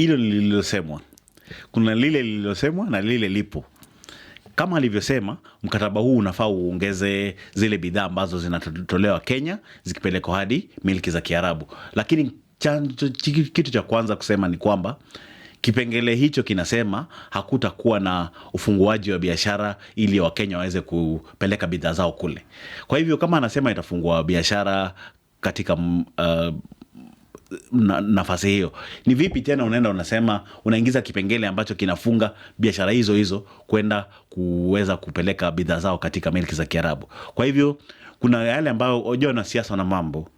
hilo lililosemwa. Kuna lile lililosemwa na lile lipo kama alivyosema mkataba huu unafaa uongeze zile bidhaa ambazo zinatolewa Kenya zikipelekwa hadi milki za Kiarabu, lakini chanzo, kitu cha kwanza kusema ni kwamba kipengele hicho kinasema hakutakuwa na ufunguaji wa biashara ili Wakenya waweze kupeleka bidhaa zao kule. Kwa hivyo kama anasema itafungua biashara katika uh, nafasi hiyo ni vipi tena unaenda unasema unaingiza kipengele ambacho kinafunga biashara hizo hizo kwenda kuweza kupeleka bidhaa zao katika milki za Kiarabu. Kwa hivyo kuna yale ambayo unajua wanasiasa na mambo,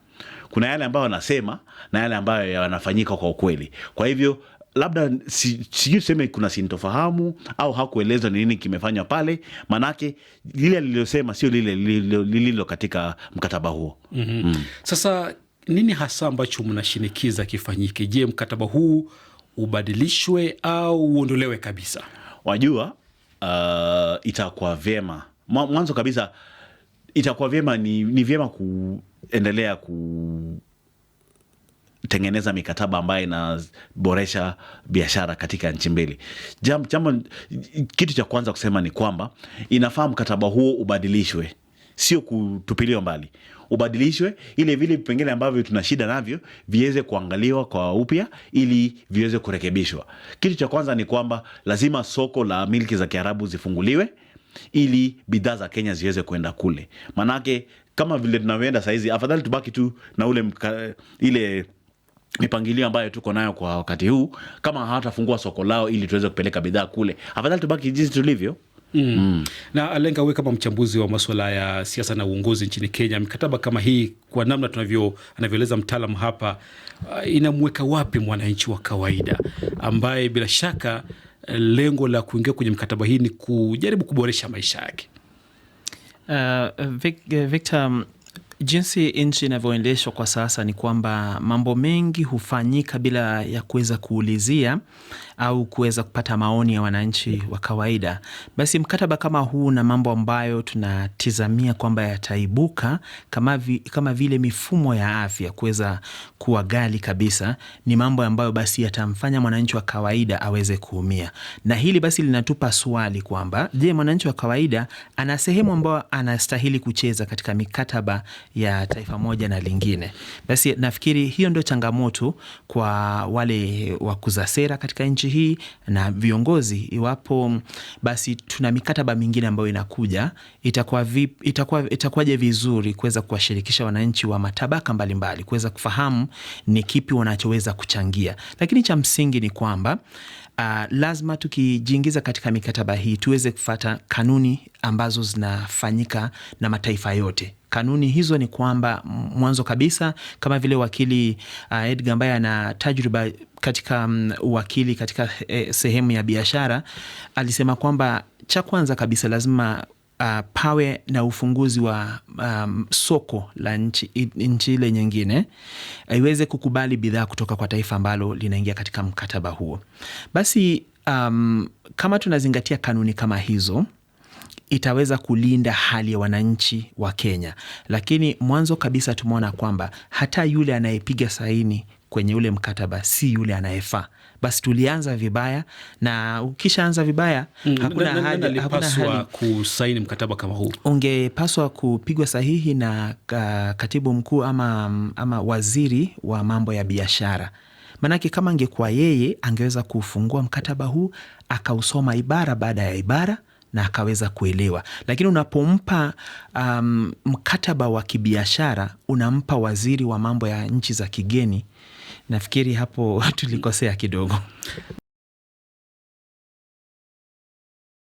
kuna yale ambayo wanasema na yale ambayo yanafanyika kwa ukweli. Kwa hivyo labda sijui si tuseme kuna sintofahamu au hakuelezwa ni nini kimefanywa pale, maanake lile alilosema sio lile lililo katika mkataba huo. mm -hmm. Mm. Sasa nini hasa ambacho mnashinikiza kifanyike? Je, mkataba huu ubadilishwe au uondolewe kabisa? Wajua, uh, itakuwa vyema mwanzo kabisa, itakuwa vyema ni, ni vyema kuendelea kutengeneza mikataba ambayo inaboresha biashara katika nchi mbili. Jambo, jambo kitu cha kwanza kusema ni kwamba inafaa mkataba huo ubadilishwe sio kutupiliwa mbali, ubadilishwe ile vile vipengele ambavyo tuna shida navyo viweze kuangaliwa kwa upya ili viweze kurekebishwa. Kitu cha kwanza ni kwamba lazima soko la milki za Kiarabu zifunguliwe ili bidhaa za Kenya ziweze kwenda kule, manake kama vile tunavyoenda sahizi, afadhali tubaki tu na ule mka, ile mipangilio ambayo tuko nayo kwa wakati huu. Kama hawatafungua soko lao ili tuweze kupeleka bidhaa kule, afadhali tubaki jinsi tulivyo mm. Mm. Na Alenga, wewe kama mchambuzi wa masuala ya siasa na uongozi nchini Kenya, mikataba kama hii kwa namna tunavyo anavyoeleza mtaalamu hapa, uh, inamweka wapi mwananchi wa kawaida ambaye bila shaka uh, lengo la kuingia kwenye mkataba hii ni kujaribu kuboresha maisha yake? Uh, uh Victor um, Jinsi nchi inavyoendeshwa kwa sasa ni kwamba mambo mengi hufanyika bila ya kuweza kuulizia au kuweza kupata maoni ya wananchi wa kawaida. Basi mkataba kama huu na mambo ambayo tunatizamia kwamba yataibuka kama, vi, kama vile mifumo ya afya kuweza kuwa ghali kabisa, ni mambo ambayo basi yatamfanya mwananchi wa kawaida aweze kuumia, na hili basi linatupa swali kwamba je, mwananchi wa kawaida ana sehemu ambayo anastahili kucheza katika mikataba ya taifa moja na lingine. Basi nafikiri hiyo ndio changamoto kwa wale wakuza sera katika nchi hii na viongozi, iwapo basi tuna mikataba mingine ambayo inakuja, itakuwa itakuwa itakuwaje vizuri kuweza kuwashirikisha wananchi wa matabaka mbalimbali kuweza kufahamu ni kipi wanachoweza kuchangia, lakini cha msingi ni kwamba Uh, lazima tukijiingiza katika mikataba hii tuweze kufata kanuni ambazo zinafanyika na mataifa yote. Kanuni hizo ni kwamba mwanzo kabisa, kama vile wakili uh, Edgar ambaye ana tajriba katika um, uwakili katika eh, sehemu ya biashara alisema kwamba cha kwanza kabisa lazima Uh, pawe na ufunguzi wa um, soko la nchi, nchi ile nyingine iweze kukubali bidhaa kutoka kwa taifa ambalo linaingia katika mkataba huo. Basi um, kama tunazingatia kanuni kama hizo itaweza kulinda hali ya wananchi wa Kenya. Lakini mwanzo kabisa tumeona kwamba hata yule anayepiga saini kwenye ule mkataba si yule anayefaa. Basi tulianza vibaya, na ukishaanza vibaya mm, hakuna hali, hakuna kusaini mkataba kama huu, ungepaswa kupigwa sahihi na katibu mkuu ama, ama waziri wa mambo ya biashara. Maanake kama angekuwa yeye angeweza kufungua mkataba huu akausoma ibara baada ya ibara na akaweza kuelewa. Lakini unapompa um, mkataba wa kibiashara unampa waziri wa mambo ya nchi za kigeni, nafikiri hapo tulikosea kidogo.